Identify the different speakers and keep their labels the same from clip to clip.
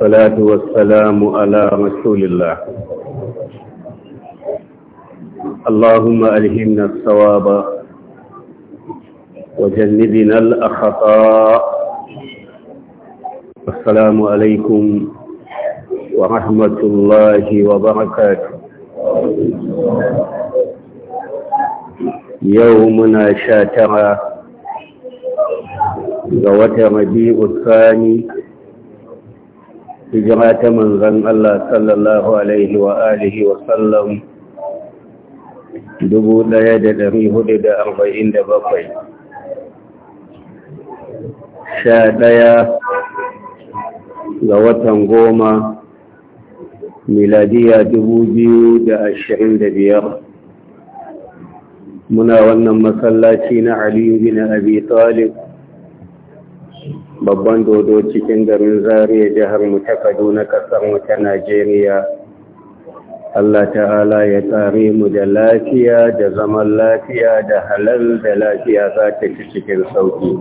Speaker 1: والصلاة والسلام على رسول الله اللهم ألهمنا الصواب وجنبنا الأخطاء السلام عليكم ورحمة الله وبركاته يومنا شاترا ga watan الثاني hijira ta manzan Allah sallallahu alaihi wa alihi wa sallam 1447
Speaker 2: sha ɗaya ga
Speaker 1: watan goma miladiya biyar. muna wannan masallaci na aliyu bin abi talib babban dodo cikin garin zariya jihar mu ta kaduna kasar wata ta najeriya allah ta'ala ya tsare mu da lafiya da zaman lafiya da halal da lafiya za ta ci cikin sauki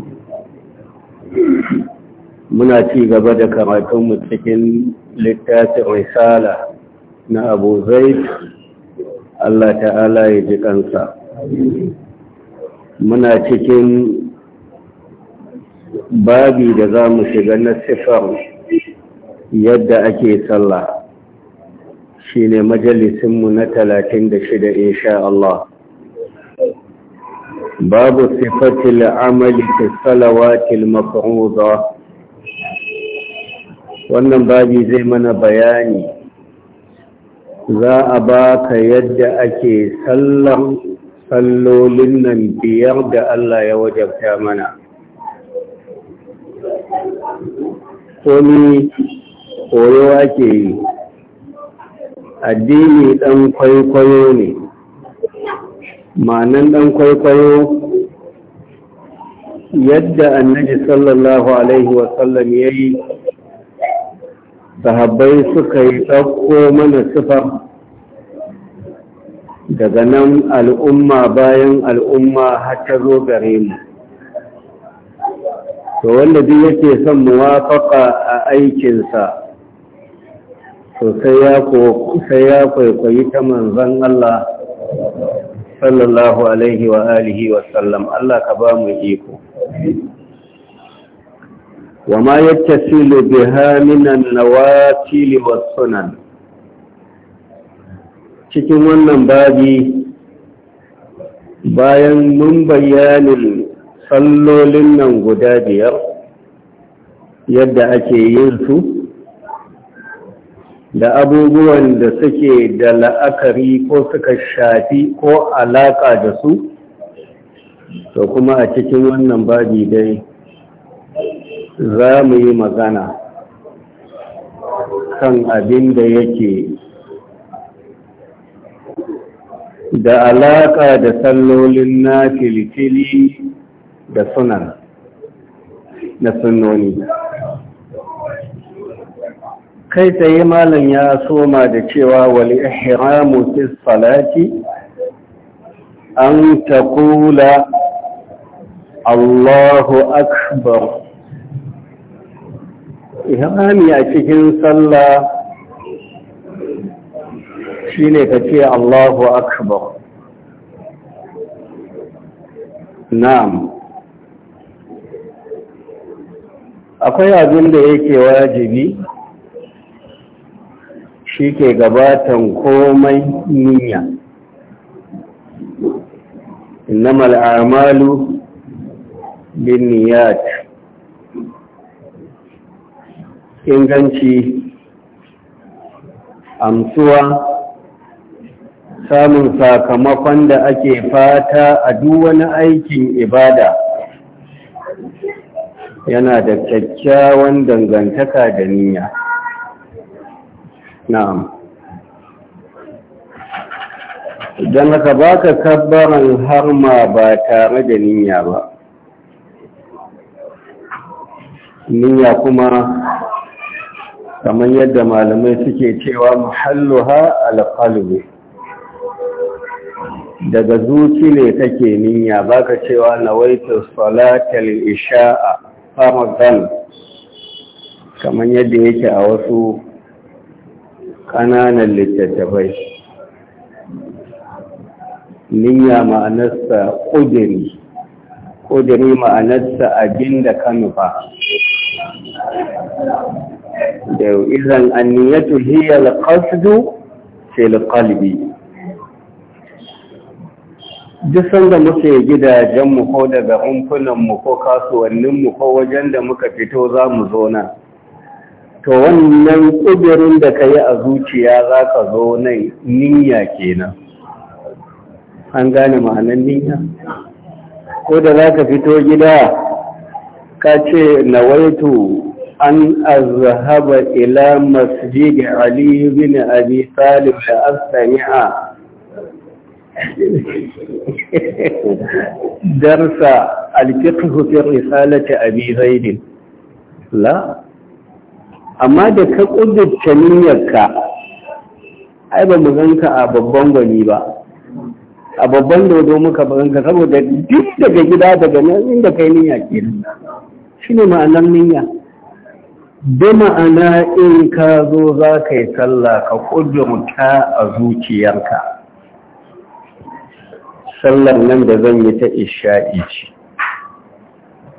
Speaker 1: muna ci gaba da karatunmu cikin littafin risala na abu zaid allah ta'ala ya ji kansa muna cikin babi da za mu shiga na sifar yadda ake sallah shi ne majalisinmu na talatin da shida insha Allah
Speaker 2: babu sifatil
Speaker 1: amali fi salawatil mafruza wannan babi zai mana bayani za a baka yadda ake sallar sallolin nan biyar da Allah ya wajabta mana komi koyo ake yi addini ɗan kwaikwayo ne ma'anan ɗan kwaikwayo yadda annabi sallallahu alaihi wasallam ya yi sahabbai suka yi ɗauko mana sifa daga nan al'umma bayan al'umma har ta zo gare mu
Speaker 2: to wanda duk yake son
Speaker 1: muwafaka a aikinsa to sai ya kwaikwayi ta Manzon Allah sallallahu alaihi wa alihi wa Allah ka ba mu iko wa ma yattasilu biha minan nawafil was cikin wannan babi bayan mun bayanin sallolin nan guda biyar yadda ake yin su da abubuwan da suke da la'akari ko suka shafi ko alaƙa da su to kuma a cikin wannan babi dai za mu yi magana
Speaker 2: kan abin da yake da alaƙa da
Speaker 1: sallolin na filifili da sunan na sunoni
Speaker 2: kai tsaye malam ya soma da cewa wal ihramu fi
Speaker 1: salati an taqula Allahu akbar ihrami a cikin sallah
Speaker 2: shine kace
Speaker 1: Allahu akbar na'am akwai abin da yake wajibi shi ke gabatan komai niyya innamal a'malu binniyat inganci amsuwa samun sakamakon da ake fata a duk wani aikin ibada
Speaker 2: yana da kyakkyawan dangantaka da niyya
Speaker 1: na'am idan ka baka kabbaran kabbaran harma ba tare da niyya ba niyya kuma kamar yadda malamai suke cewa muhalluha alqalbi daga zuci ne take niyya baka cewa nawaitu salatal isha'a ramadan kamar yadda yake a wasu ƙananan littattafai niyya ma'anarsa ƙudiri ƙudiri ma'anarsa abin da ka nufa da izan anniyatu hiyar kasdu fil ƙalbi. duk sanda muke gidajenmu ko daga umfunanmu ko kasuwanninmu ko wajen da muka fito za mu zo to wannan ƙudurin da ka yi a zuciya za ka zo nan niyya kenan an gane ma'anar niyya ko da za ka fito gida ka ce nawaitu an azhaba ila masjid ali bin abi talib da astami'a Darsa درس الفقه في رسالة أبي زيد لا أما دك قدد تنينك ai ba mu ganka a babban gwani ba a babban dodo muka ba ganka saboda duk daga gida daga nan inda kai niyya ke shi ne ma'anar niyya da ma'ana in ka zo za ka yi sallah ka ƙudurta a zuciyarka sallar nan da zan yi ta isha'i ce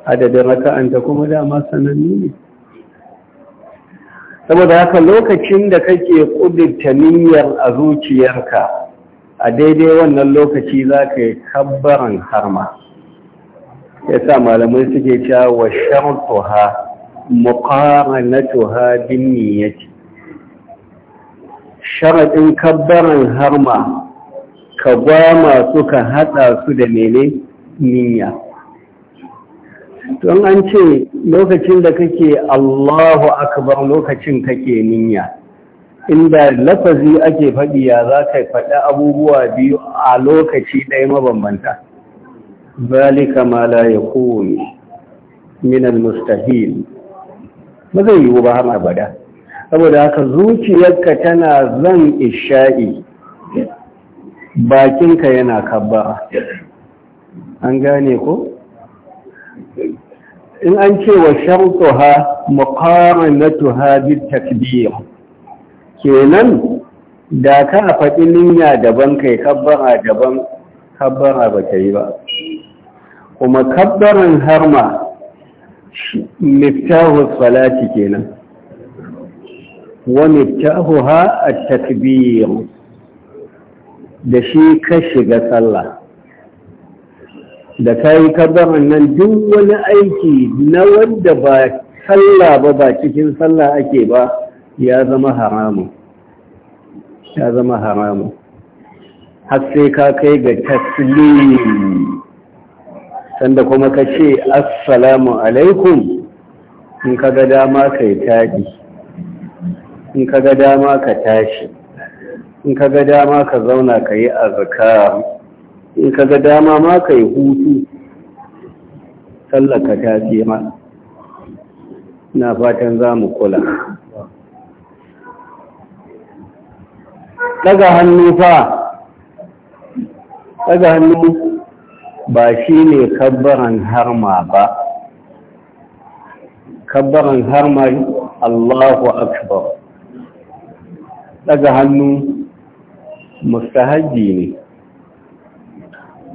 Speaker 1: adadin raka'anta kuma dama sananni ne saboda haka lokacin da kake kudurta niyyar a zuciyarka a daidai wannan lokaci za ka yi kabbaran harma ya sa malamai suke cewa wa shartuha muqaranatuha bin niyyati sharadin kabbaran harma ka gwama masu ka haɗa su da mene niyya don an ce lokacin da kake Allahu akbar lokacin kake niyya inda lafazi ake faɗi ya za ka faɗi abubuwa biyu a lokaci ɗaya mabambanta zalika ma la yakun min al-mustahil ba zai yiwu ba har abada saboda haka zuciyarka tana zan isha'i bakinka yana kabba an gane ko in an ce wa shartuha na bit takbir kenan da ka faɗi niyya daban kai kabbara daban kabbara ba ta yi ba kuma kabbaran harma miftahu salati kenan wa miftahuha at-takbir da shi ka shiga sallah da ka yi kabarin nan duk wani aiki na wanda ba sallah ba ba cikin sallah ake ba ya zama haramun ya zama haramun har sai ka kai ga taslim sanda kuma ka ce assalamu alaikum in ka ga dama ka yi in ka ga dama ka tashi in ka ga dama ka zauna ka yi azkar in ka ga dama ma ka yi hutu sallaka ta ma na fatan za mu kula daga hannu fa daga hannu ba shi ne kabbaran harma ba kabbaran harma Allahu akbar daga hannu Mustahajji ne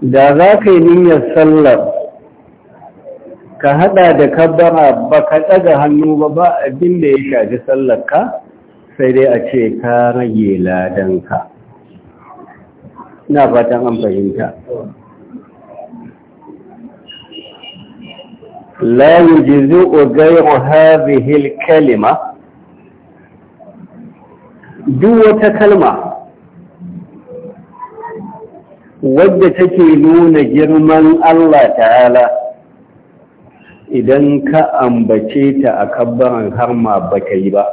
Speaker 1: da za ka yi niyyar sallar ka hada da kabbara ba ka ɗaga hannu ba ba abinda ya shafi sallarka sai dai a ce ka rage ladanka na fatan an fahimta لا يجزئ غير هذه kalima. duk wata kalma wadda take nuna girman Allah ta'ala idan ka ambace ta a kabbaran harma ba ka yi ba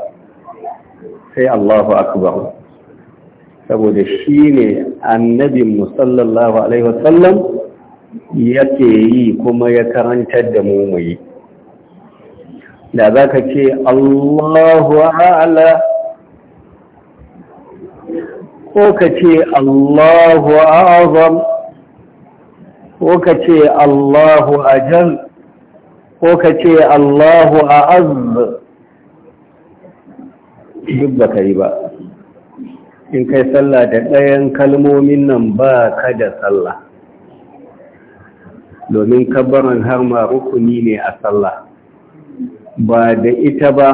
Speaker 1: sai Allahu akbar saboda shi ne annabin musallallahu alaihi wasallam yake yi kuma ya karantar da mu muyi da za ka ce Allahu ala ko ka ce Allahu azam ko ka ce Allahu ajal ko ka ce Allahu a'azz duk ba ka yi ba in kai sallah da ɗayan kalmomin nan ba ka da sallah domin kabbaran har ma rukuni ne a sallah ba da ita ba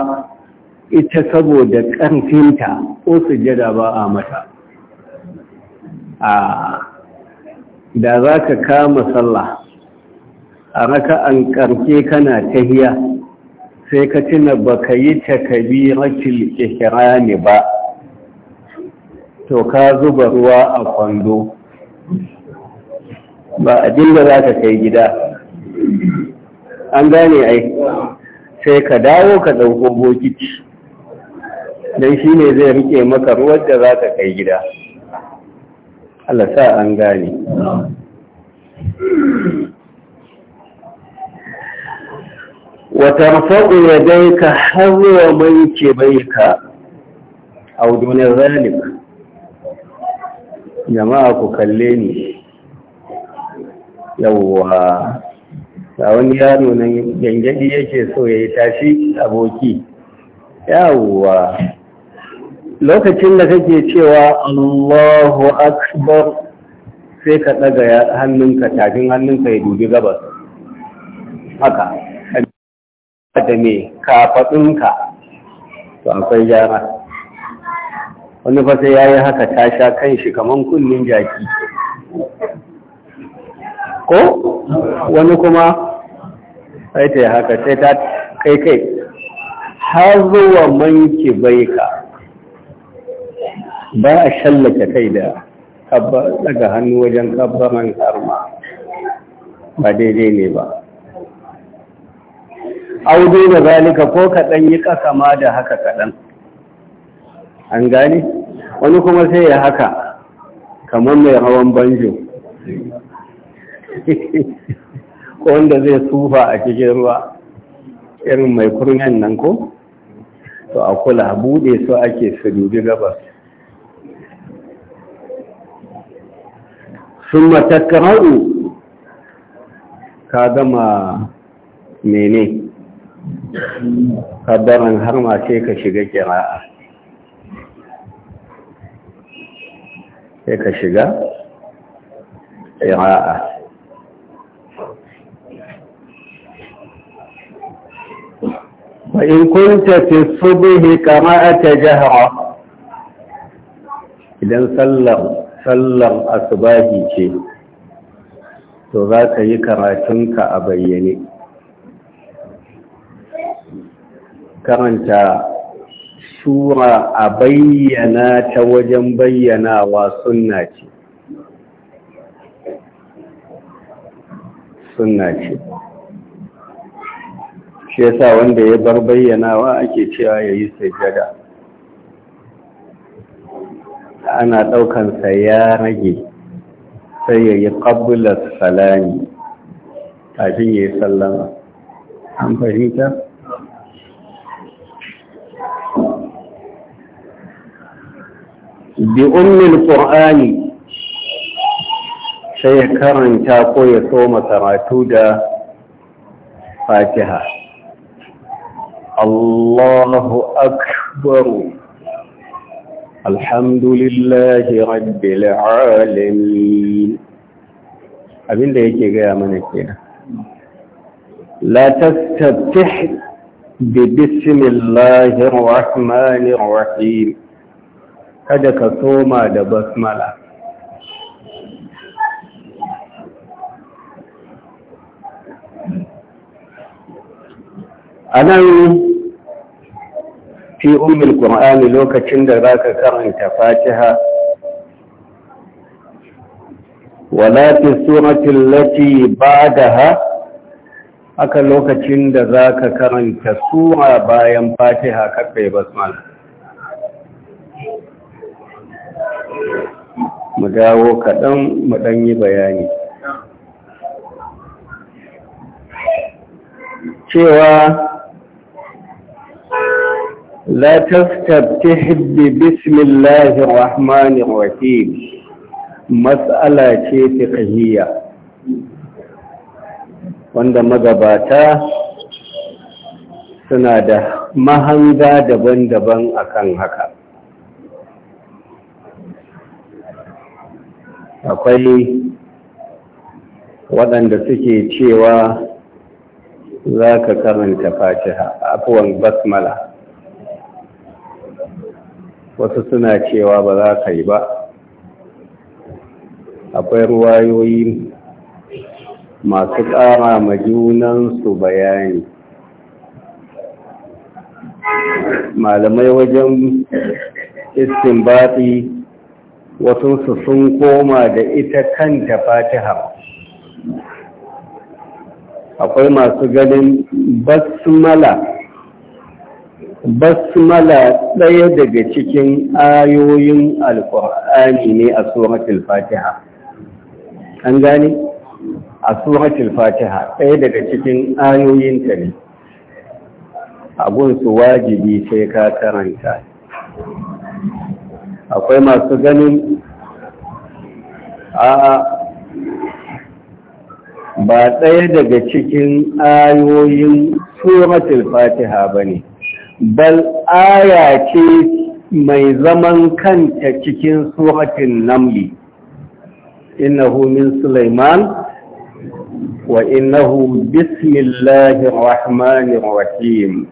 Speaker 1: ita saboda ƙarfinta ko sujada ba a mata a da za ka kama sallah a raka an ƙarfe kana ta tahiya sai ka tuna ba ka yi takabiratul ihrami ba to ka zuba ruwa a kwando ba a da za ka kai gida an gane ai sai ka dawo ka ɗauko bokiti don shi ne zai rike maka ruwan da za ka kai gida alasa an gane wata mafaɗin ya gai ka harwa mai ke bai ka a duniyar zalim jama'a ku kalle ni yawwa tsawon yaro nan gangadi yake so ya yi tashi aboki yawwa lokacin da kake cewa Allahu akbar sai ka daga hannunka tafin hannunka ya dubi gabas haka da me kafaɗinka to akwai
Speaker 2: gyara wani fa sai yayi haka ta sha kan shi kaman kullun jaki
Speaker 1: ko wani kuma sai ta haka sai ta kai kai har zuwa manki ka.
Speaker 2: ba a shallaka kai da
Speaker 1: daga hannu wajen man karma ba daidai ne ba audu da zalika ko kaɗan yi ƙasa ma da haka kaɗan an gane wani kuma sai ya haka kamar mai hawan banjo ko wanda zai tsufa a cikin ruwa irin mai kurnan nan ko to a kula buɗe su ake su dubi gabas sun matakaru ka gama mene kaddaran har ma sai ka shiga kira'a sai ka shiga kira'a كنت في الصبح قراءة جهرة idan sallar. sallar asubahi ce to za ka yi karatunka a bayyane karanta shura a bayyana ta wajen bayyanawa sunna ce sunna ce shi yasa wanda ya bar bayyanawa ake cewa ya yi sai ana ɗaukansa ya rage sai ya yi ƙabbular salami kafin ya sallama an fahimta? bi ummin ƙur'ani sai ya karanta ko ya soma karatu da fatiha Allahu akbaru الحمد لله رب العالمين أبين ده يجي يا منكينا لا تستفتح ببسم الله الرحمن الرحيم هذا كثوما ده بسم الله أنا fi umar qur'ani lokacin da zaka karanta fatiha wala fi surati allati ba'daha haka lokacin da zaka karanta sura bayan fatiha kakai basmala mu dawo kaɗan mu ɗan yi bayani cewa لا تستفتح بسم الله Mas'ala ce مسألة فقهية wanda magabata suna da mahanga daban-daban akan haka akwai waɗanda suke cewa za ka karanta fatiha afuwan basmala
Speaker 2: wasu suna cewa
Speaker 1: ba za ka yi ba akwai ruwayoyi masu ƙara ma junansu bayani malamai wajen wasu wasunsu sun koma da ita kanta fatiha akwai masu ganin basmala basmala ɗaya daga cikin ayoyin alƙur'ani ne a suratul fatiha an gani a suratul fatiha ɗaya daga cikin ayoyinta ne abun su wajibi sai ka karanta akwai masu ganin a ba ɗaya daga cikin ayoyin suratul fatiha ba ne bal aya ce mai zaman kanta cikin suratin namli innahu min sulaiman wa innahu bismillahir rahmanir rahim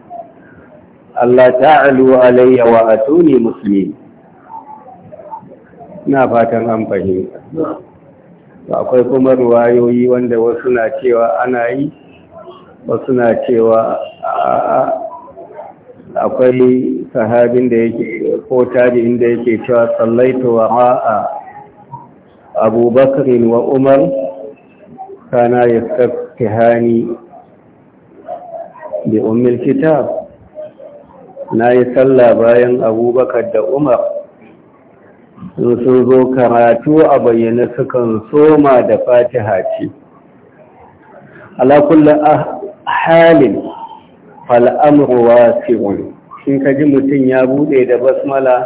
Speaker 1: Allah ta'alu alayya wa atuni muslim na fatan an fahimta akwai kuma ruwayoyi wanda wasu na cewa ana yi wasu na cewa akwai sahabin da yake ko tabi'in da yake cewa sallaitu wa a'a abubakar wa umar kana yastaftihani bi ummil Na nayi sallah bayan abubakar da umar sun zo karatu a bayyana sukan soma da fatiha ce ala ah-, halin fal'amru wasi'un in ka ji mutum ya bude da basmala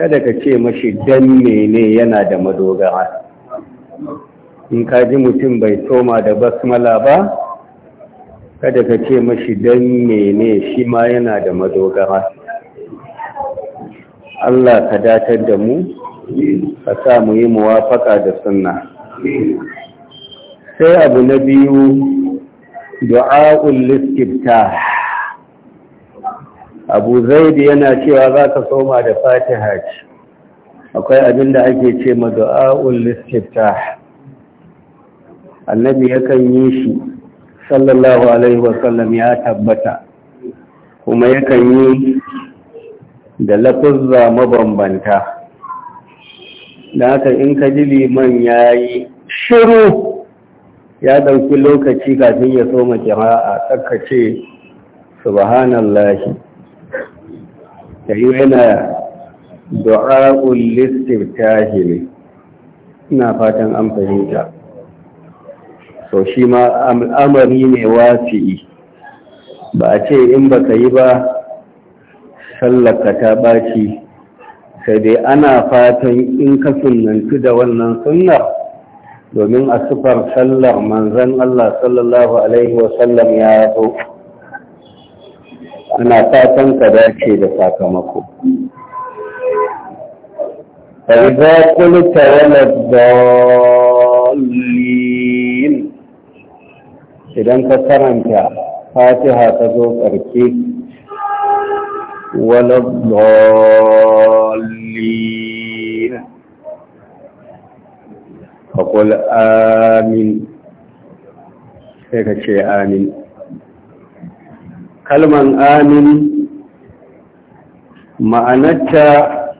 Speaker 1: kada ka ce mashi dan mene yana da madogara in ka ji mutum bai soma da basmala ba kada ka ce mashi dan mene shi ma yana da madogara
Speaker 2: Allah ka datar
Speaker 1: da mu ka sa mu yi muwafaka da sunna sai abu na biyu du'a'ul istiftah Abu Zaid yana cewa zaka soma da Fatiha akwai abin da ake ce ma du'a'ul istiftah Annabi yakan yi shi sallallahu alaihi wa sallam ya tabbata kuma yakan yi da lafuzza mabambanta da haka in ka ji liman yayi shiru ya ɗauki lokaci kafin ya soma jama'a tsakace subhanallahi yayi yana du'a'ul listiftahi ne ina fatan an fahimta so shi ma al'amari ne wasi'i ba a ce in baka yi ba sallaka ta baci sai dai ana fatan in ka sunantu da wannan sunna domin a sufar sallar manzan Allah sallallahu Alaihi wasallam ya zo ana fatan ka dace da sakamako.
Speaker 2: فإذا قلت ولا
Speaker 1: الضالين إذا أنت كرمت فاتحة تزوج أركيك ولا الضالين faƙul amin sai ka ce amin kalman amin ma'anarta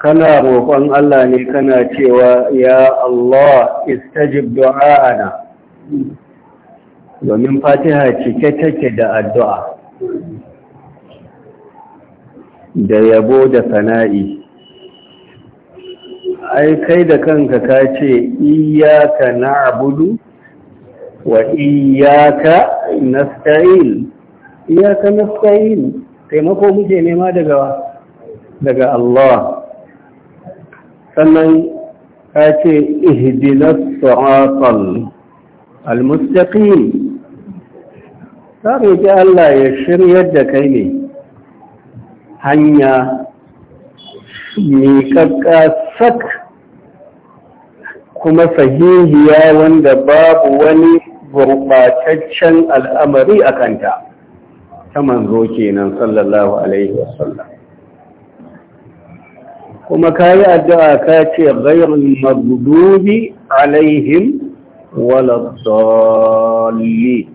Speaker 1: kana roƙon Allah ne kana cewa ya Allah istajib du'a'ana domin fatiha cike take da addu'a da yabo da sana'i ai kai da kanka ka ce iyaka na'budu wa iyaka nasta'in iyaka nasta'in taimako muke nema daga daga Allah sannan ka ce ihdinas siratal almustaqim sai roki Allah ya shiryar da kai ne hanya kakka sak kuma sahihiya wanda babu wani gurɓataccen al'amari a kanta ta manzo kenan sallallahu alaihi wasallam kuma kayi addu'a ka ce ghairul maghdubi alaihim waladdalli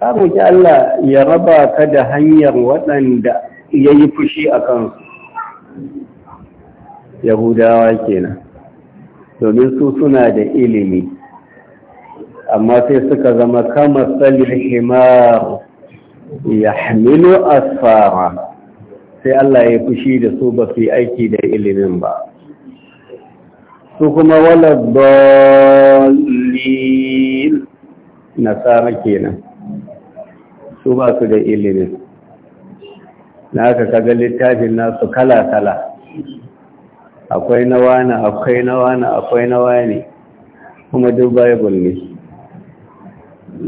Speaker 1: ka Allah ya raba ka da hanyar waɗanda ya yi fushi a kansu yahudawa kenan domin su suna da ilimi amma sai suka zama kama tsalin himar ya hamilu asfara sai Allah ya fushi da su ba su aiki da ilimin ba su kuma wala dalil nasara kenan su ba su da ilimin na aka kaga littafin nasu kala-kala akwai na wani akwai na wani akwai na wani kuma duk bible ne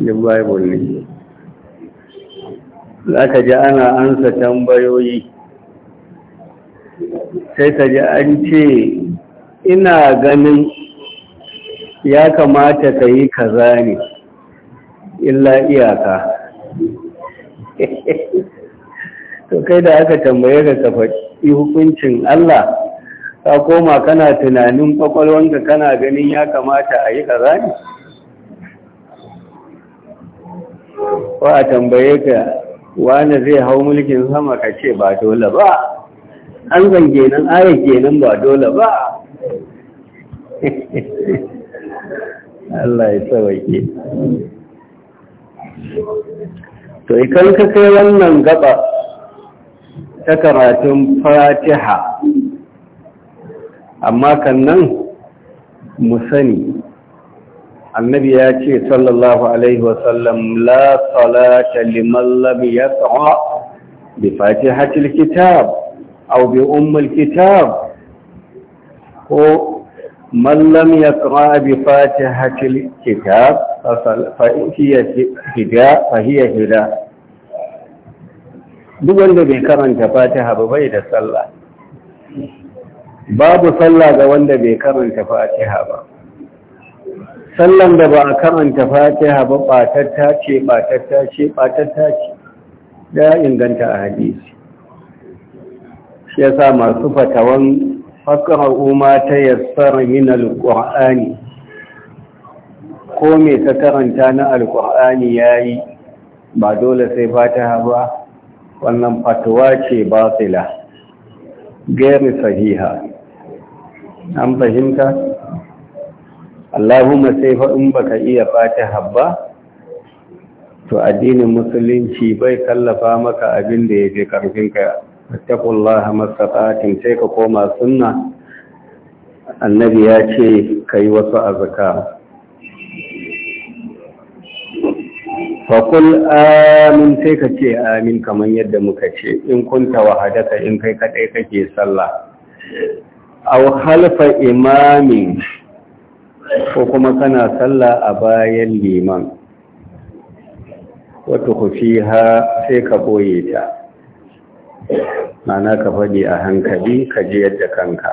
Speaker 1: duk bible ne za ka ji ana ansa tambayoyi sai ka ji an ce ina ganin ya kamata ka yi kaza ne illa iyaka to kai da aka tambaye ka ka faɗi hukuncin Allah ka koma kana tunanin kwakwalwanka kana ganin ya kamata a yi kaza ne ko a tambaye ka wane zai hau mulkin sama ka ce ba dole ba an zange nan ayar kenan ba dole ba Allah ya tsawake to ikan ka kai wannan gaba ta karatun fatiha amma kan nan mu sani annabi ya ce sallallahu alaihi wasallam la salata liman lam yas'a bi fatihatil kitab aw bi ummil kitab ko bi fatihatil kitab fa hiya hida fa hiya hida duk wanda bai karanta fatiha ba bai da sallah babu sallah ga wanda bai karanta fatiha ba sallan da ba a karanta fatiha ba batatta ce batatta ce batatta ce ya inganta a hadisi shi yasa masu fatawan faƙararru ma ta yassara min alƙur'ani ko me ka karanta na alƙur'ani ya yi ba dole sai fatiha ba wannan fatuwa ce batila gari sahiha an fahimta Allahumma sai fa in baka iya fata habba? to addinin musulunci bai kallafa maka abin da yake karfinka taqullaha masafatin sai ka koma sunna annabi ya ce kai wasu azka fa kul amin sai ka ce amin kaman yadda muka ce in kunta wahadaka in kai kadai kake sallah aw halfa imamin ko kuma kana sallah a bayan liman wata kufiha sai ka ɓoye ta mana ka faɗi a hankali ka ji yadda kanka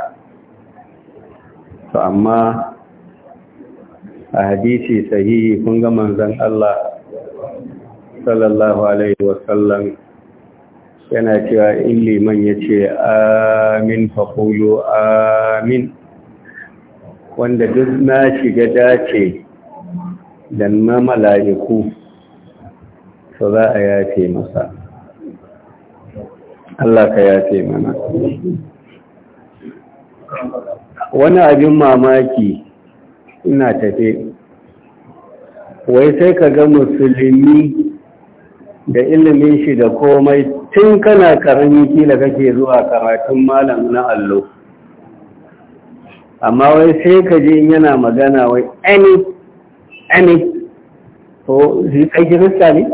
Speaker 1: to amma a hadisi sahihi kun ga manzon Allah sallallahu alaihi wasallam yana cewa in liman ya ce amin faƙulu amin wanda duk na shiga dace da na mala'iku to za a yafe masa Allah ka yafe mana wani abin mamaki ina tafe wai sai ka ga musulmi da ilimin shi da komai tun kana karami kila kake zuwa karatun malam na allo amma wai sai ka je yana magana wai any any to zai kai rista ne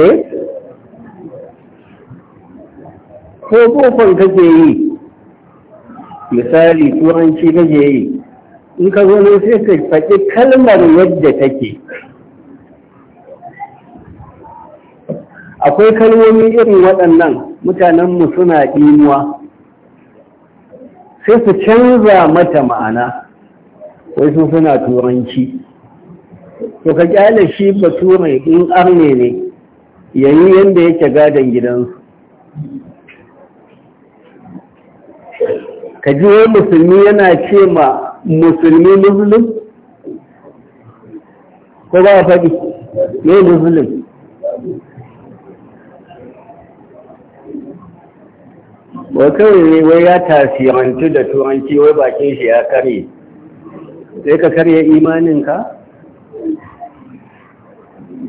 Speaker 1: eh ko kofan kake yi misali turanci kake yi in ka zo ne sai ka faɗi kalmar yadda take akwai kalmomi irin waɗannan mutanenmu suna ɗimuwa sai su canza mata ma'ana wai sun, suna turanci to ka kyale shi bature in arne ne yayi yadda yake gadon gidansu ka ji wai musulmi yana ce ma musulmi muslim ko ba faɗi ne muslim ba kawai ne wai ya tasirantu da turanci wai bakin shi ya kare sai ka karya imaninka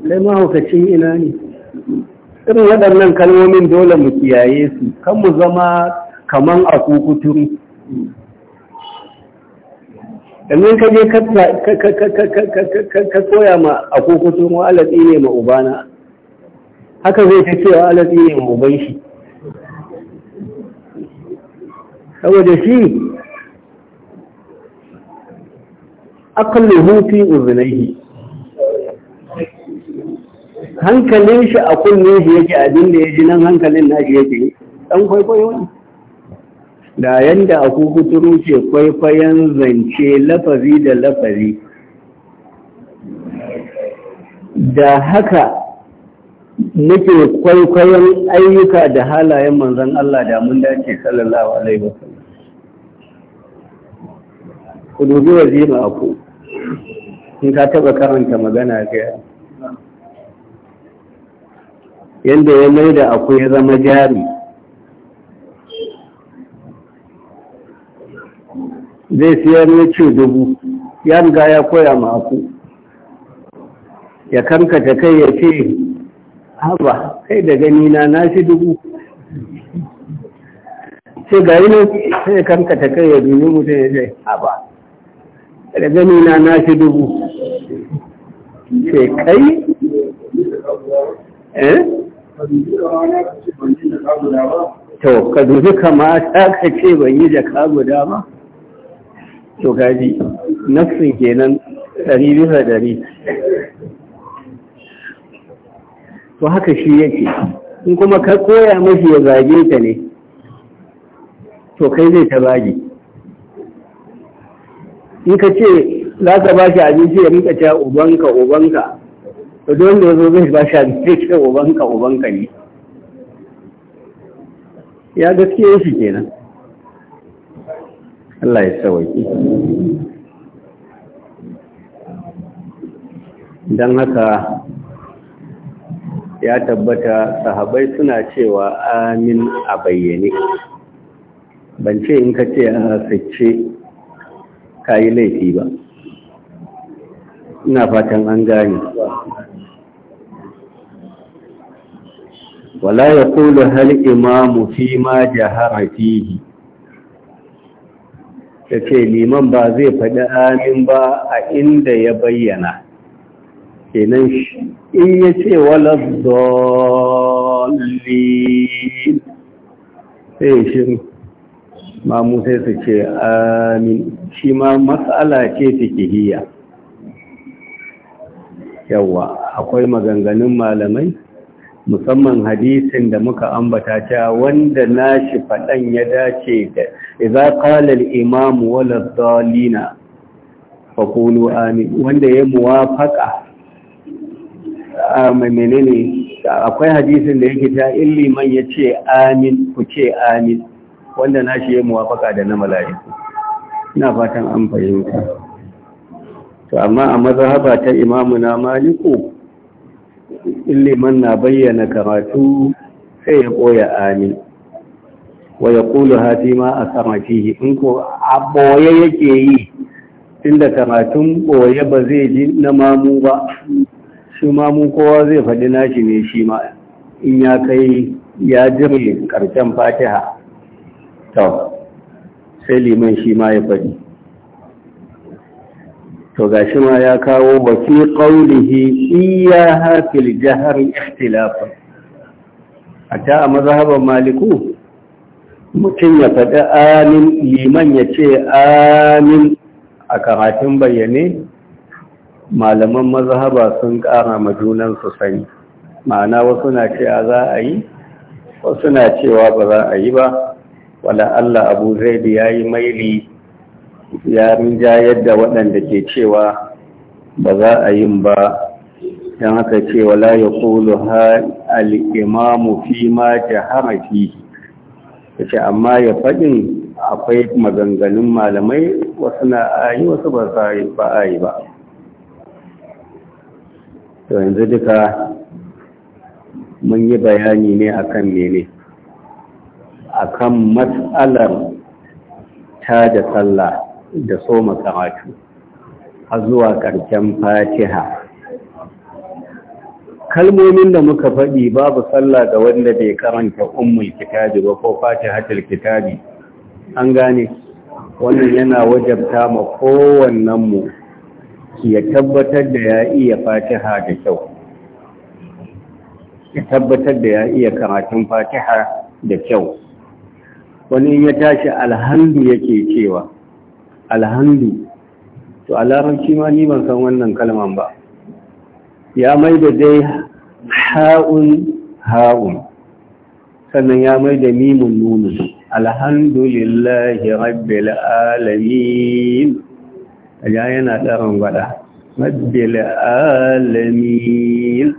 Speaker 1: sai mahaukacin ina ne irin waɗannan kalmomin dole mu kiyaye su kan mu zama kaman a kukuturu ɗanin ka je ka koya ma a kukuturu wa ne ma ubana haka zai ta cewa alatsi ne ma shi saboda shi akalli hufi uzunaihi hankalin shi a kunne shi yake abin da ya ji nan hankalin nashi yake dan kwaikwayo ne da yanda a kukuturu ce kwaikwayon zance lafazi da lafazi da haka nake kwaikwayon ayyuka da halayen manzan Allah da mun dace sallallahu alaihi wasallam ku dubi wazima ku in ka taba karanta magana gaya yadda ya mai da aku ya zama jari zai siyar ya ce dubu ya riga ya koya ma aku ya kankata kai ya ce haba kai da gani na na shi dubu sai gari ne? sai kankata kai ya duni mutum ya ce haba da ganina na dubu
Speaker 3: ce kai eh? to ka dubi kamata
Speaker 1: ka ce ban yi jaka guda ba to gaji nafsin kenan ɗari bisa ɗari to haka shi yake in kuma ka koya mashi ya zage ta ne to kai zai ta zage in ka ce za ka ba shi abinci ya rika cewa ubanka ubanka to don da zo zai ba shi abinci ya ubanka ubanka ne ya gaskiya shi kenan Allah ya sauki don haka ya tabbata sahabai suna cewa amin a bayyane ban ce in ka ce a sace ka yi laifi ba ina fatan an gane wala ya kula hal imamu fi ma jahara fihi ta ce liman ba zai faɗi amin ba a inda ya bayyana kenan in ya ce wala dolin sai shiru ma Musa su ce amin shi ma matsala ce fikihiyya yawa akwai maganganun malamai musamman hadisin da muka ambata ta wanda nashi faɗan ya dace da iza kalar imamu imam wala dhalina fa amin wanda ya muwafaqa a menene akwai hadisin da yake ta illi man ce amin ku ce amin wanda na shi ya muwafaka da na mala'iku ina fatan an fahimta to amma a mazhaba ta imamu na maliku liman na bayyana karatu sai ya koya amin wa ya kulu hati ma a samafihi in ko a ɓoye yake yi inda karatun ɓoye ba zai ji na mamu ba shi mamu kowa zai faɗi nashi ne shi ma in ya kai ya jire ƙarshen fatiha to sai liman shi ma ya faɗi to ga shi ma ya kawo baki ƙaunihi iya harfil jihar ikhtilafin a ta a mazhaban maliku mutum ya faɗi amin liman ya ce amin a karatun bayyane malaman mazhaba sun ƙara su sani ma'ana wasu na cewa za a yi wasu na cewa ba za a yi ba wala Allah Abu Zaid ya yi maili ya minja yadda waɗanda ke cewa ba za a yin ba don haka ce wala ya kulu al'imamu fi ma jahama fi ce amma ya faɗin akwai maganganun malamai wasu na ayi wasu ba a yi ba to yanzu duka mun yi bayani ne akan mene akan matsalar ta da sallah da soma karatu har zuwa karken fatiha kalmomin da muka faɗi babu sallah ga wanda bai karanta ummul kitabi ba ko fatihatul kitabi an gane wannan yana wajabta ma kowannen mu ya tabbatar da ya iya fatiha da kyau ya tabbatar da ya iya karatun fatiha da kyau wani ya tashi alhamdu yake cewa alhamdu to a ma ni ban san wannan kalman ba ya mai da dai ha'un ha'un sannan ya mai da mimun nunu lillahi rabbil alamin ya yana tsaron gwada
Speaker 2: rabbil
Speaker 1: alamin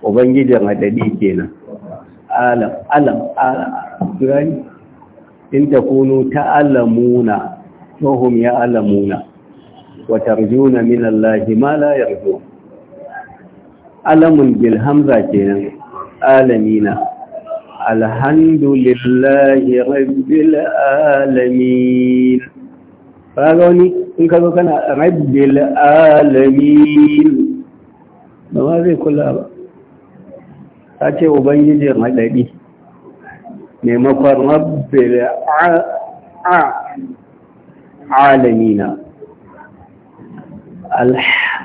Speaker 1: ubangijin adadi kenan alam alam alam in Alamuna, ta'lamuna ya Alamuna. wa tarjuna min Allah ma la yarju alamun bil hamza kenan alamina alhamdulillahi rabbil alamin kaga wani in ka zo kana rabbil alamin ba ma zai kula ba ta ce ubangijin haɗaɗi نمقر رب العالمين الح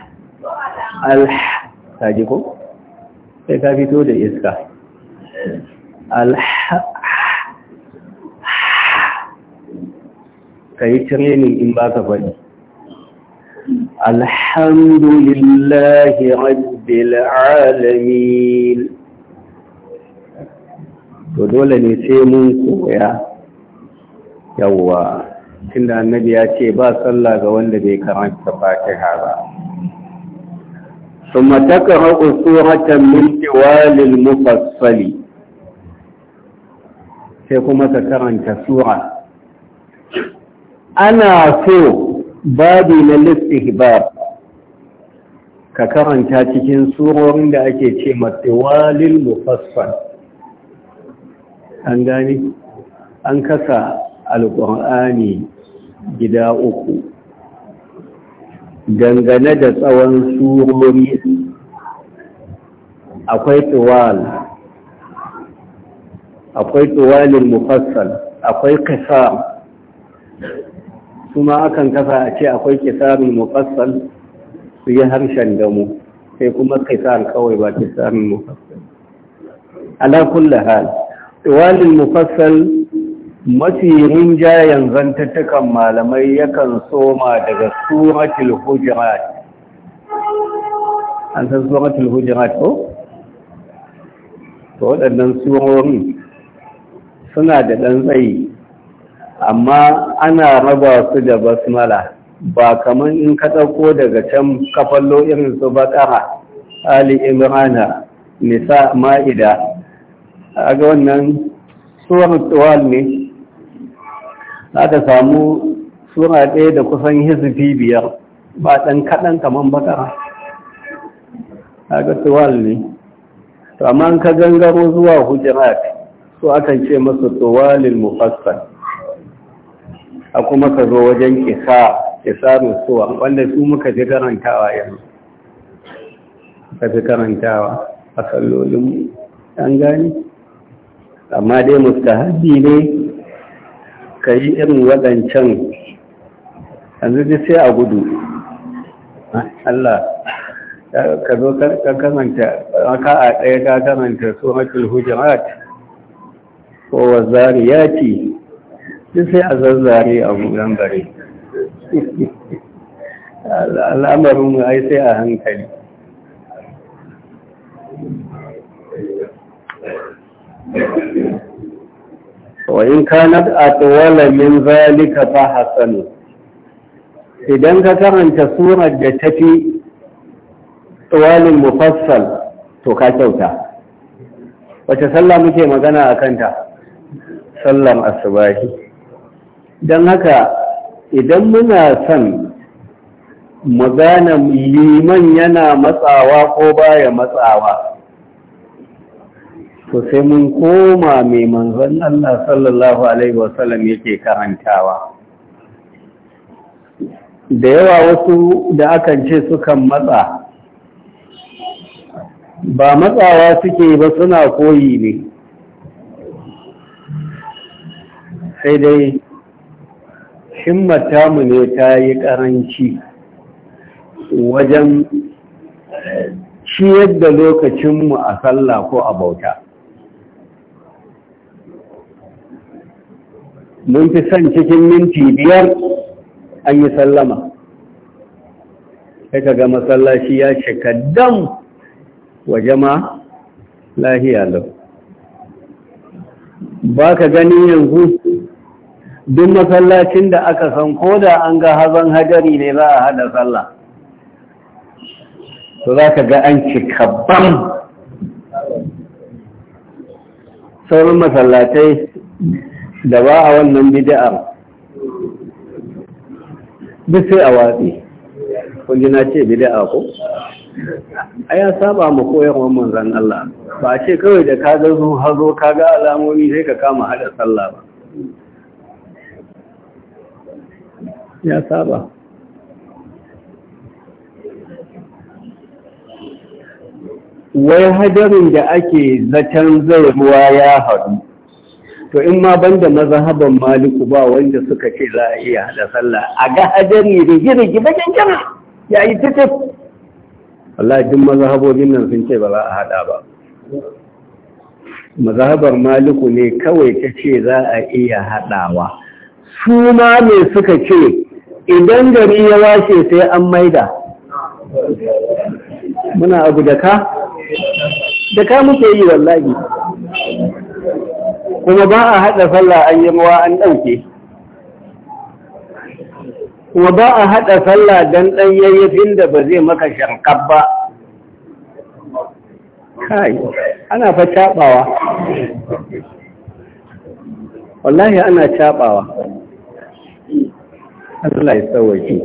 Speaker 1: الح تاجيكو كيف في تود يسكا الح كي تريني إن باك الحمد لله رب العالمين to dole ne sai mun koya yawwa tunda annabi ya ce ba sallah ga wanda bai karanta fatiha ba ثم تقرأ سورة من طوال المفصل sai kuma ka karanta sura ana so babu na listihbab ka karanta cikin surorin da ake ce matsewalin mufassal an gani an kasa alƙur'ani gida uku dangane da tsawon surori akwai tuwal akwai tuwalin mufassal akwai kasa kuma akan kasa a ce akwai kisarin mufassal su yi harshen damu sai kuma kisar kawai ba kisarin mufassal ala kulli hal iwalin mufassal mafi rinjayen tattakan malamai yakan soma daga suratul hujurat an san suratul hujurat ko? to waɗannan surori suna da ɗan tsayi amma ana raba su da basmala ba kamar in ka ɗauko daga can kafallo irin su baƙara, ali imrana nisa ma'ida a ga wannan suwar tuwal ne za ta samu sura ɗaya da kusan hizifi biyar ba ɗan kaɗan kamar bakara a ga tuwal ne to amma ka gangaro zuwa hujirat so akan ce masa tuwalil mufassar a kuma ka zo wajen kisa kisarun suwa wanda su muka fi karantawa yanzu ka fi karantawa a kallolinmu ɗan gani amma dai mustahabi ne ka yi irin waɗancan yanzu dai sai a gudu Allah ka zo ka kamanta maka a ɗaya ka kamanta su matul hujjamat ko wa zariyati duk sai a zazzare a gudan bare al'amarin ai sai a hankali wa’in kanat a tsawalamin zalika ba hasanu idan ka karanta surar da tafi tsawalin mufassal to ka kyauta wace sallah muke magana a kanta sallam asubahi don haka idan muna son magana liman yana matsawa ko baya matsawa to sai mun koma mai manzon Allah sallallahu alaihi wasallam yake karantawa da yawa wasu da akan ce sukan matsa ba matsawa suke ba suna koyi ne sai dai himmata mu ne ta yi ƙaranci wajen ciyar da lokacinmu a sallah ko a bauta mun fi son cikin minti biyar an yi sallama sai ka ga masallaci ya cika dam wa jama lahiya lau ba ka gani yanzu duk masallacin da aka san ko da an ga hazan hajari ne za a hada sallah to za ka ga an cika bam sauran masallatai da ba a wannan bid'ar duk sai a watsi kun na ce bid'a ko a ya saba mu koyarwar zan Allah ba a ce kawai da ka ga hazo ka ga alamomi sai ka kama hada sallah ba ya saba wai hadarin da ake zaton zai ruwa ya haɗu to in ma banda mazhaban maliku ba wanda suka ce za a iya hada sallah a ga hajari gina gina gina ya yi tutif Allah duk mazhabobin nan sun ce ba za a hada ba mazhabar maliku ne kawai ta ce za a iya hadawa su ma ne suka ce idan gari ya washe sai an maida
Speaker 2: muna abu da ka da ka muke yi wallahi kuma ba a haɗa
Speaker 1: sallah an yi mawa an ɗauke kuma ba a haɗa sallah don ɗan yayyafin da ba zai maka shankar ba kai ana fa caɓawa
Speaker 2: wallahi ana caɓawa
Speaker 1: Allah ya tsawaki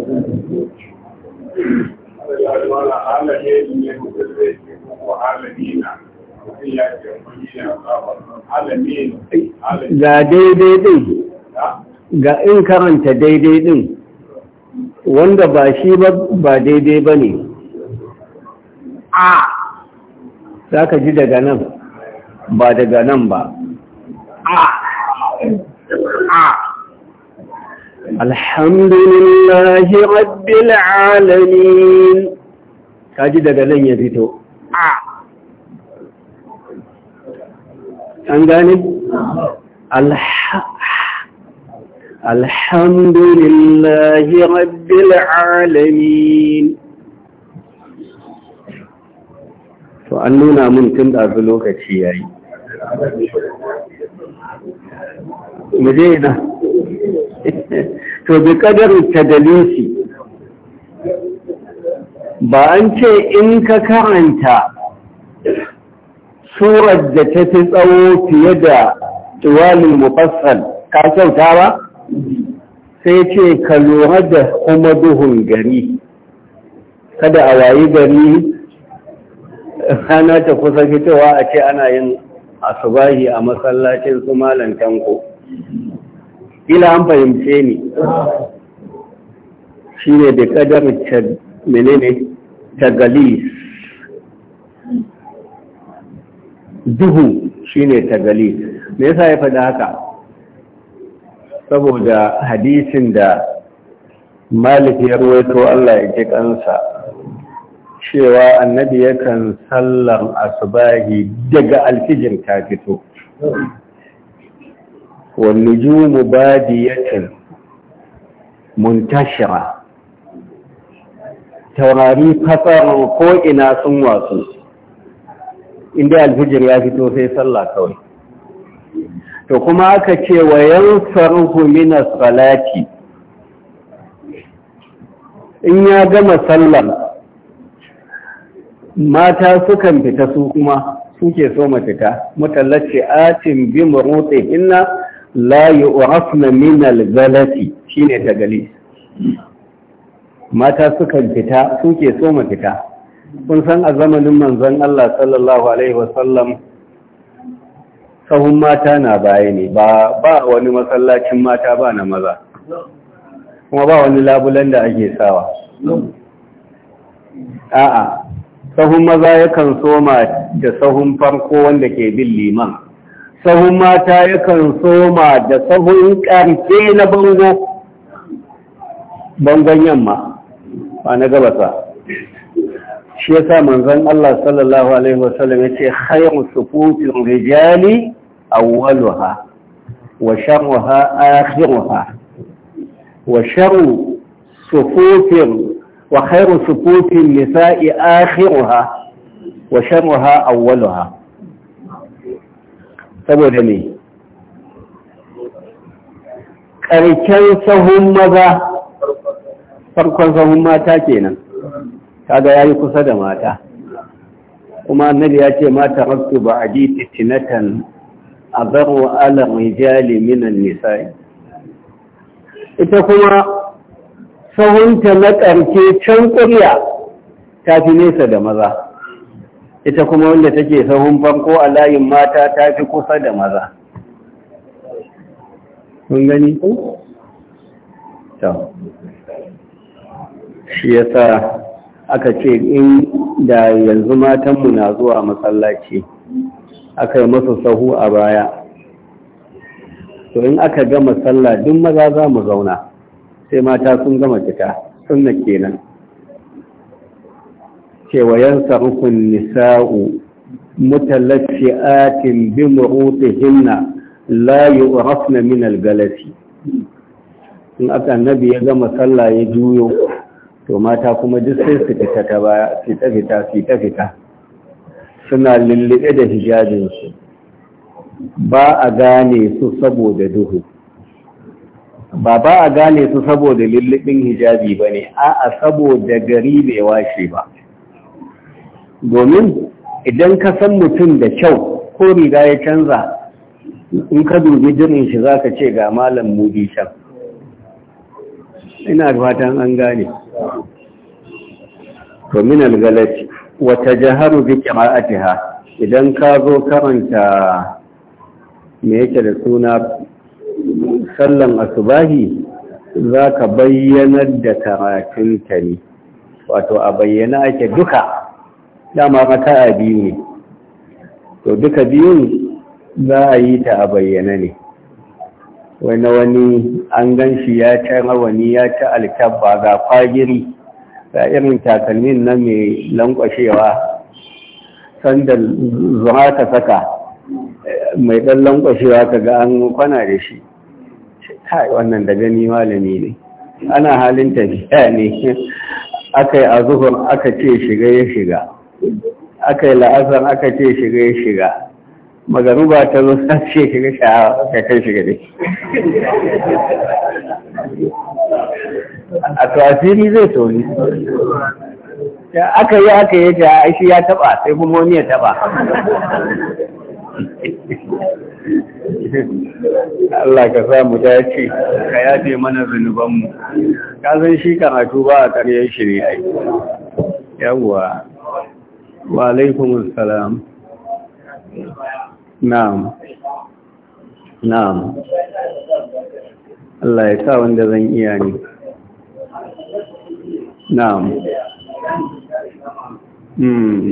Speaker 1: Allah
Speaker 3: ya ga
Speaker 2: daidai
Speaker 1: din ga in karanta daidai din wanda ba shi ba daidai ba ne a za ka ji daga nan ba daga nan ba
Speaker 4: a a
Speaker 1: alhamdulillahi rabbil alamin ka ji daga nan ya fito a an gane alhamdulillahi rabbil alamin to an nuna mun tun da lokaci yayi
Speaker 2: yi. je na
Speaker 1: to bi kadarin tadalisi ba an ce in ka karanta surar da ta fi tsawo fiye da tuwalin mufassal ka kyauta ba sai ce ka lura da kuma duhun gari kada a wayi gari rana ta kusa fitowa a ce ana yin asubahi a masallacin su malan tanko ila an fahimce ni shi ne da kadar menene tagalis duhu shine tagali me yasa ya faɗa haka saboda hadisin da malik ya ruwaito Allah ya ji kansa cewa annabi yakan sallar asubahi daga alfijir ta fito wani jumu Mun muntashira taurari fasar ko'ina sun wasu inda alfijir ya fito sai sallah kawai to kuma aka ce wa yansaruhu min as-salati in ya gama sallar mata sukan fita su kuma suke so mafita mutallace atin bi murute inna la yu'afna min al-galati shine tagali mata sukan fita suke so fita. kun san a zamanin manzon Allah sallallahu alaihi wasallam sahun mata na baya ne ba ba wani masallacin mata ba na maza kuma ba wani labulan da ake sawa a'a sahun maza yakan soma da sahun farko wanda ke bin liman sahun mata yakan soma da sahun ƙarfe na bango bangon yamma ba na gabasa shi ya yasa manzon Allah sallallahu alaihi wasallam yace khayru sufufi rijali awwaluha wa a akhiruha wa sharru sufufin wa khayru sufufin nisa'i akhiruha wa a awwaluha saboda me
Speaker 2: ƙarshen sahun maza
Speaker 1: farkon sahun mata kenan kaga yayi kusa da mata kuma annabi ya ce mata rasu ba a ji titinatan a zaro rijali nisa'i ita kuma sahunta na ƙarke can kuriya ta fi nesa da maza ita kuma wanda take sahun farko a layin mata ta fi kusa da maza kun gani ku? ta shi yasa aka ce in da yanzu matanmu na zuwa masallaci aka yi masa sahu a baya to in aka gama sallah duk maza za mu zauna sai mata sun gama fita sunna kenan cewa yansa rukun nisa'u mutallafi'atin bi mu'utihinna la yu'rafna min al-galasi in aka annabi ya gama sallah ya juyo to mata kuma duk sai su fita ta baya fita su ta fita suna lullube da hijabinsu ba a gane su saboda duhu ba ba a gane su saboda lullubin hijabi ba ne a saboda gari bai washe ba domin idan ka san mutum da kyau ko riga ya canza in ka dubi jirin shi za ka ce ga malam mudi can ina fatan an gane to min al-galati wa tajaharu bi qira'atiha idan ka zo karanta me yake da suna sallan asubahi za ka bayyanar da ta ne wato a bayyana ake duka dama raka'a biyu ne to duka biyun za a yi ta a bayyana ne wani wani an gan shi ya ta rawani ya ta alkyabba ga kwagiri ga irin takalmin na mai lankwashewa sandal zuwa ka saka mai ɗan lankwashewa ka ga an kwana da shi kai wannan da gani malami ne ana halin tafiya ne aka yi a zuhun aka ce shiga ya shiga aka yi la'asar aka ce shiga ya shiga ba ta zo ta ce shiga sha'awa ka kai shiga dai
Speaker 2: a to asiri zai
Speaker 1: Ta aka yi aka yi ta aishi ya taba sai kuma wani ya taba
Speaker 2: Allah ka sa mu dace ka
Speaker 1: yafe mana zunubanmu ka san shi karatu ba a ƙaryar shi ne ai yawwa wa alaikumus salam
Speaker 2: na'am na'am Allah ya sa wanda zan iya ni. na'am hmm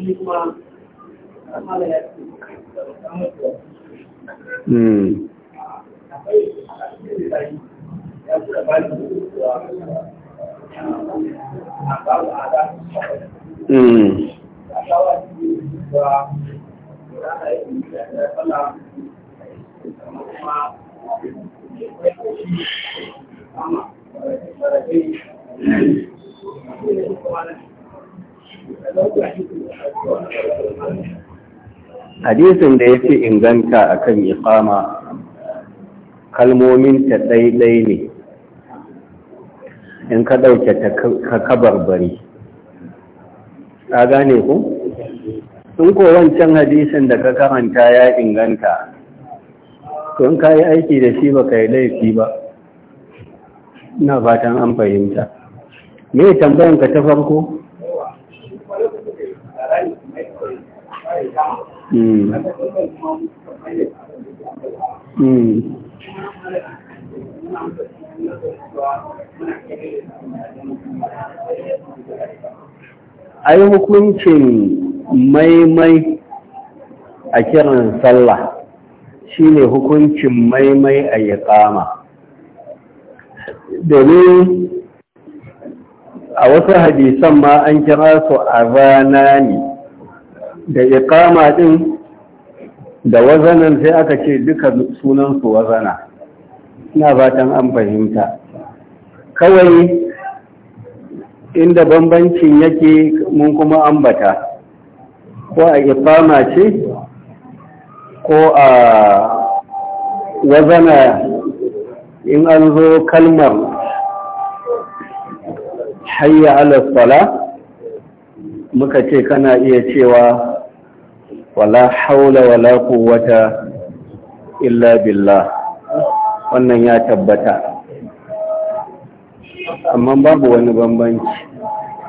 Speaker 4: Hmm.
Speaker 1: Mm. hadisin da ya fi inganta a kan iqama kalmominta ɗaiɗai ne in ka ɗauke ta bari ka gane ku in ko wancan hadisin da ka karanta ya inganta to in ka aiki da shi ba ka yi laifi ba ina fatan an fahimta me tambayan ka ta farko Mm. ai hukuncin maimai
Speaker 2: a kiran
Speaker 1: sallah shi ne hukuncin maimai a iqama domin a wasu hadisan ma an kira su a rana ne da iqama ɗin, da wazanan sai aka ce duka sunansu su wazana ina fatan an fahimta kawai inda bambancin yake mun kuma ambata ko a ifama ce ko a wazana in an zo kalmar
Speaker 2: hayya alasala
Speaker 1: muka ce kana iya cewa wala haula wala quwwata illa billah
Speaker 2: wannan ya tabbata amma
Speaker 1: babu wani bambanci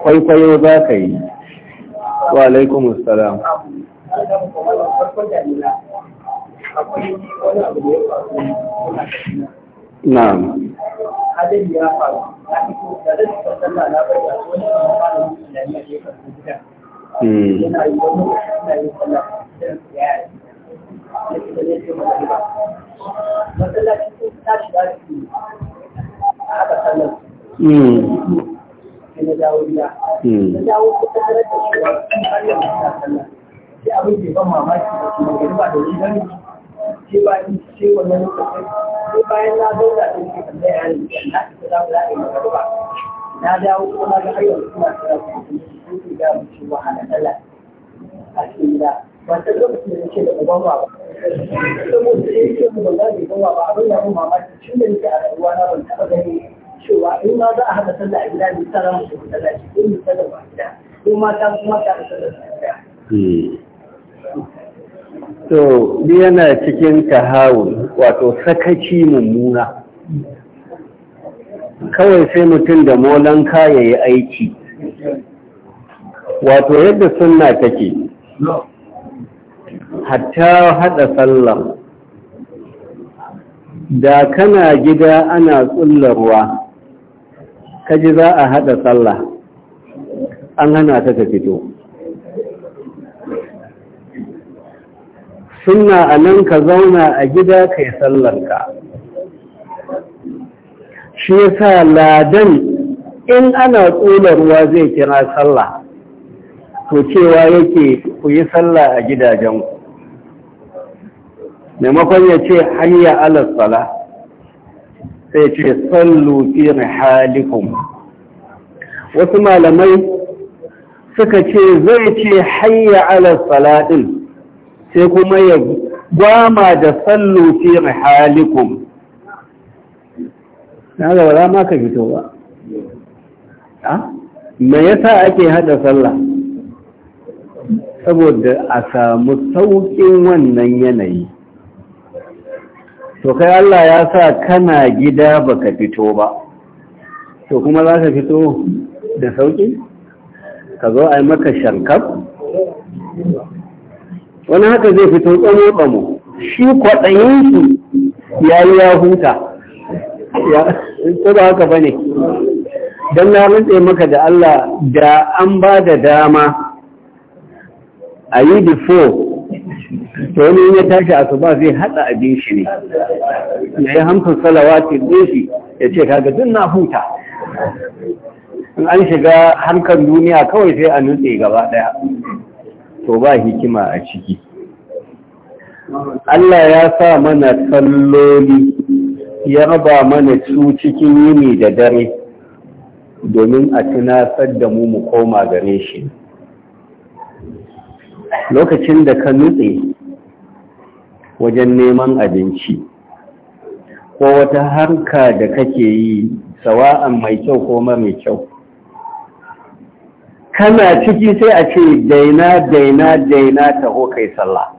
Speaker 1: kwaikwayo za ka yi wa alaikum assalam na'am
Speaker 2: na hmm. na
Speaker 4: dawo gida na dawo kusa harar da shi har da ta sallah sai abin ke ban mamaki da kuma ba da wuri ba ne sai ba in ce wannan lokacin sai bayan na zauna da shi kan zai hari na ta za mu zaɓe na garba na dawo kuma na ga har yau suna tsara su sun ke ga mu ce wahala sallah a cikin gida ba ta lokacin da nake da ba saboda sai ke mu ba za mu yi ba abin da mun mamaki tun da nake a rayuwa na ban taɓa gani cewa in ma za a haɗa sallah a gida bai ta za mu ta masallaci ko mu sallah ba gida ko mata kuma ta da sallah a gida.
Speaker 1: Hmm. To, ni yana cikin tahawun wato sakaci mummuna. Kawai sai mutum da molanka ya yi aiki. Wato yadda sunna take, hatta haɗa sallah. da kana gida ana tsulla ruwa Ta ji za a haɗa sallah an hana ta ta fito suna a nan ka zauna a gida kai yi sallarka shi sa ladan in ana tsularwa ruwa zai kira sallah to cewa yake ku yi sallah a gidajenku maimakon ya ce hanya tsala. sai ce sallu fi rihalikum wasu malamai suka ce zai ce hanya ala salatin sai kuma ya gwama da sallu fi rihalikum na gaba za ka fito ba ah, me yasa ake hada sallah saboda a samu sauƙin wannan yanayi to kai Allah ya sa kana gida baka fito ba to kuma za ka fito da sauki ka zo a yi maka shankar wani haka zai fito tsamo-tsamo shi kwaɗayin ya yi ya huta ya ba haka ba ne don na rantse maka da Allah da an ba da dama a yi difo to wani ya tashi asuba zai hada abin shi ne ya yi hamsin salawati din ya ce kaga duk na huta
Speaker 2: in an shiga
Speaker 1: harkar duniya kawai sai a nutse gaba daya to ba hikima a ciki Allah ya sa mana salloli ya raba mana su cikin yini da dare domin a tunasar da mu mu koma gare shi
Speaker 2: lokacin da ka
Speaker 1: nutse wajen neman abinci ko wata harka da kake yi sawa'an mai kyau ko mai kyau kana ciki sai a ce daina daina daina taho kai sallah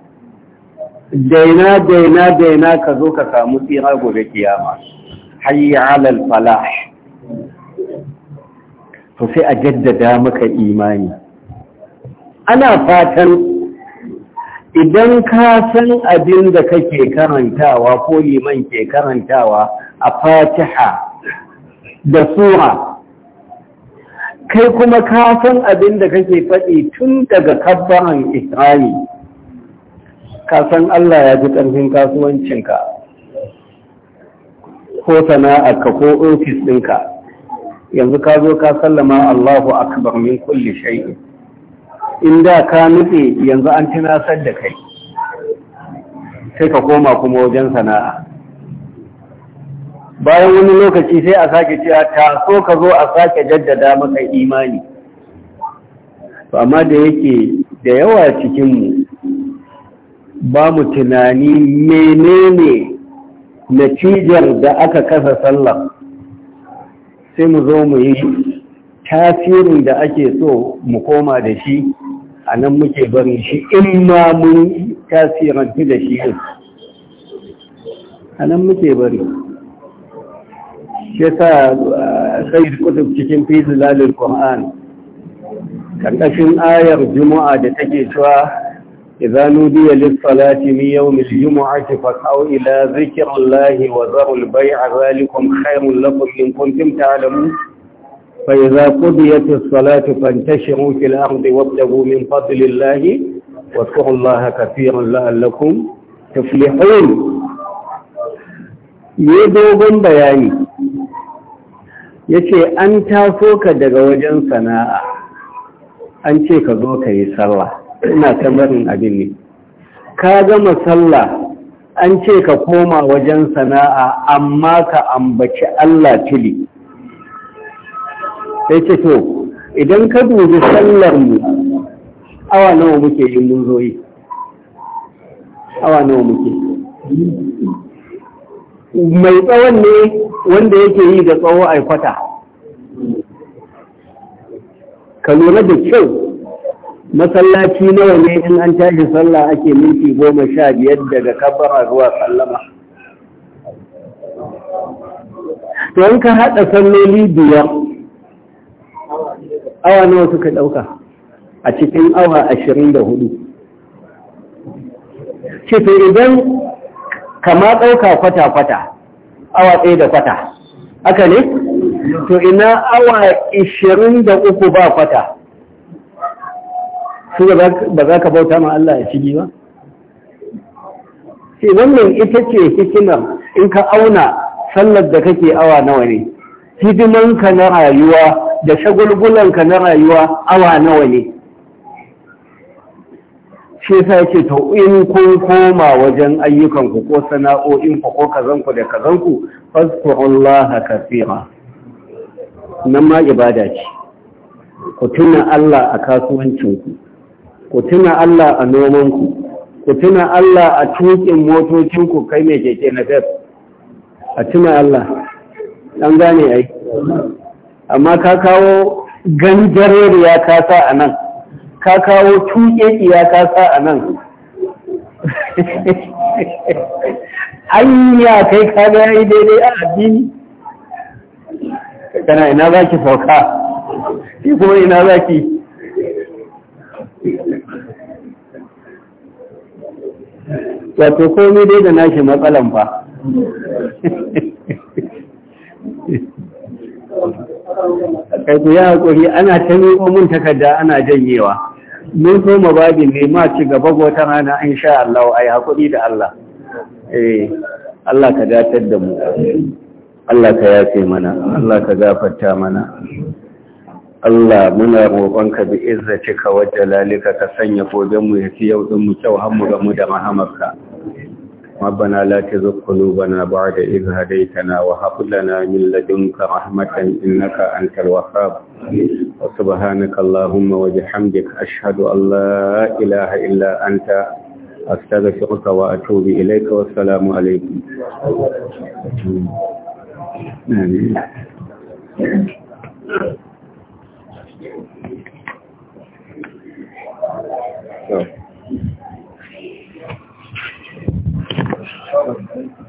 Speaker 1: daina daina daina ka zo ka samu tsira gobe kiyama hayya alal falah to sai a jaddada maka imani ana fatan idan ka san abin da kake karantawa ko liman ke karantawa a fatiha da sura kai kuma ka san abin da kake faɗi tun daga kabbaran isra'i ka san Allah ya ji ƙarfin kasuwancinka ko sana'arka ko ofis ɗinka yanzu ka zo ka sallama Allahu akbar min kulli shay'in in da ka nutse yanzu an tunasar da kai sai ka koma kuma wajen sana'a bayan wani lokaci sai a sake cewa ta so ka zo a sake jaddada maka imani amma da yake da yawa cikinmu ba mu tunani menene natijar da aka kasa sallah sai mu zo mu yi tasirin da ake so mu koma da shi a nan muke barin shi in ma mun tasirantu da shi yin a nan muke bari shi ta sai kusur cikin fizi lalil ƙwa'an ƙarƙashin ayar juma'a da take cewa idan nudiya lissalati min yawmil juma'ati fa qaw ila zikrillahi wa zarul bay'a zalikum khayrun lakum in kuntum ta'lamun فإذا قضيت الصلاة فانتشروا في الأرض وابتغوا من فضل الله واذكروا الله كثيرا لعلكم تفلحون yi dogon bayani ya ce an taso ka daga wajen sana'a an ce ka zo ka yi sallah ina ta barin abin ne ka gama sallah an ce ka koma wajen sana'a amma ka ambaci Allah tili sai ce to idan ka dubi sallar mu awa nawa muke yin mun zo awa nawa muke mai tsawon ne wanda yake yi da tsawo a kwata ka lura da kyau masallaci nawa ne in an tashi sallah ake minti goma sha biyar daga kabara zuwa sallama
Speaker 2: to in ka haɗa salloli biyar awa
Speaker 1: nawa suka ɗauka a cikin awa ashirin da hudu cikin idan kama ɗauka kwata-kwata awa ɗaya da kwata aka ne to ina awa ashirin da uku ba kwata
Speaker 2: su ba za ka bauta ma Allah ya cigi
Speaker 1: ba sai wannan ita ce hikimar in ka auna sallar da kake awa nawa ne hidimanka na rayuwa da shagulgulanka na rayuwa awa nawa ne shi sa yake to in kun koma wajen ayyukanku ko sana'o'inku ko kazanku da kazanku fazkurullaha kafira nan ma ibada ce ku tuna Allah a kasuwancinku ku tuna Allah a nomanku ku tuna Allah a tukin motocinku kai mai keke na a tuna Allah an gane ya yi, amma ka kawo jarori ya kasa a nan ka kawo tuƙe ya kasa a nan ya
Speaker 4: kai ka ya yi
Speaker 1: daidai a addini kana ina za ki sauka
Speaker 2: ki kuma ina za ki wato
Speaker 1: komai dai da nashi matsalan ba kai ku ya haƙuri ana ta niko mun takarda ana janyewa mun so mu ne ma ci gaba wata rana an sha Allah ai haƙuri da Allah eh Allah ka datar da mu Allah ka yafe mana Allah ka gafarta mana Allah muna roƙonka bi izzati ka wajjalalika ka sanya gobe mu yafi yau din mu kyau har mu ga mu da mahamarka ربنا لا تزغ قلوبنا بعد إذ هديتنا وهب لنا من لدنك رحمة إنك أنت الوهاب وسبحانك اللهم وبحمدك أشهد أن لا إله إلا أنت أستغفرك وأتوب إليك والسلام عليكم
Speaker 2: آمين So. shawarar aiki